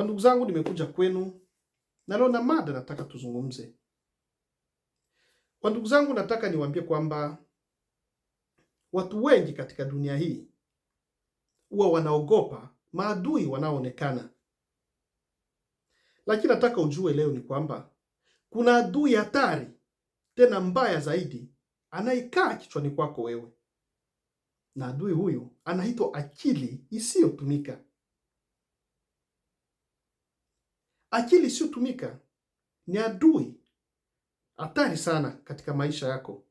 Kwa ndugu zangu, nimekuja kwenu na leo na mada nataka tuzungumze. Kwa ndugu zangu, nataka niwaambie kwamba watu wengi katika dunia hii huwa wanaogopa maadui wanaoonekana, lakini nataka ujue leo ni kwamba kuna adui hatari tena mbaya zaidi anayekaa kichwani kwako wewe, na adui huyu anaitwa akili isiyotumika. Akili isiyotumika ni adui hatari sana katika maisha yako,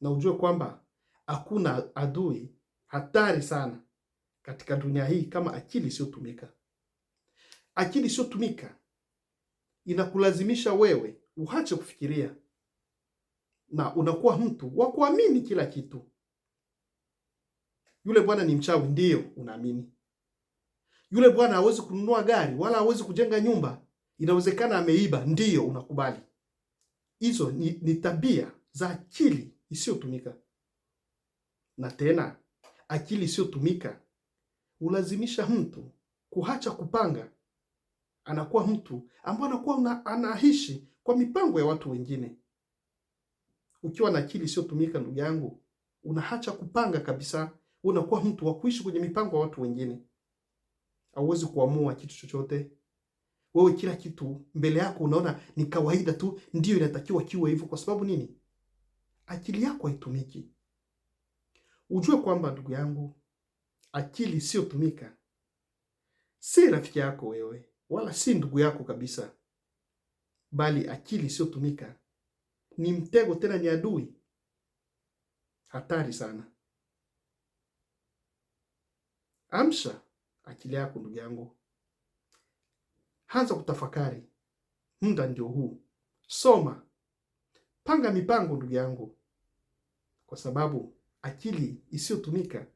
na ujue kwamba hakuna adui hatari sana katika dunia hii kama akili isiyotumika. Akili isiyotumika inakulazimisha wewe uache kufikiria na unakuwa mtu wa kuamini kila kitu. Yule bwana ni mchawi, ndiyo unaamini, yule bwana hawezi kununua gari wala hawezi kujenga nyumba, inawezekana ameiba, ndiyo unakubali. Hizo ni, ni tabia za akili isiyotumika. Na tena akili isiyotumika ulazimisha mtu kuacha kupanga, anakuwa mtu ambaye anakuwa anaishi kwa mipango ya watu wengine. Ukiwa na akili isiyotumika, ndugu yangu, unaacha kupanga kabisa, unakuwa mtu wa kuishi kwenye mipango ya watu wengine hauwezi kuamua kitu chochote wewe. Kila kitu mbele yako unaona ni kawaida tu, ndiyo inatakiwa kiwe hivyo. Kwa sababu nini? Akili yako haitumiki. Ujue kwamba ndugu yangu, akili isiyotumika si rafiki yako wewe, wala si ndugu yako kabisa, bali akili isiyotumika ni mtego, tena ni adui hatari sana. Amsha akili yako ndugu yangu, anza kutafakari. Muda ndio huu, soma, panga mipango ndugu yangu, kwa sababu akili isiyotumika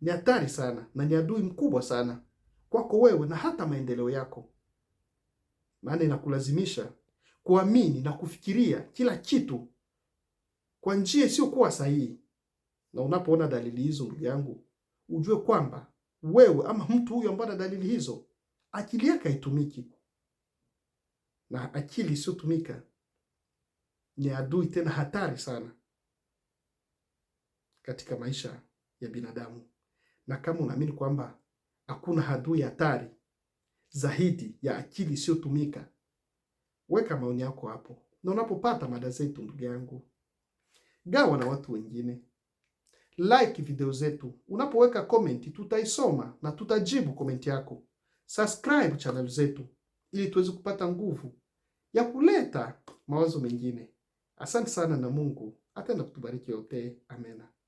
ni hatari sana na ni adui mkubwa sana kwako wewe na hata maendeleo yako, maana inakulazimisha kuamini na kufikiria kila kitu kwa njia isiyokuwa sahihi. Na unapoona dalili hizo ndugu yangu, ujue kwamba wewe ama mtu huyu ambaye ana dalili hizo, akili yake haitumiki, na akili isiyotumika ni adui tena hatari sana katika maisha ya binadamu. Na kama unaamini kwamba hakuna adui hatari zaidi ya akili isiyotumika, weka maoni yako hapo, na unapopata mada zetu, ndugu yangu, gawa na watu wengine like video zetu. Unapoweka komenti, tutaisoma na tutajibu komenti yako. Subscribe channel zetu ili tuweze kupata nguvu ya kuleta mawazo mengine. Asante sana na Mungu atenda kutubariki yote. Amena.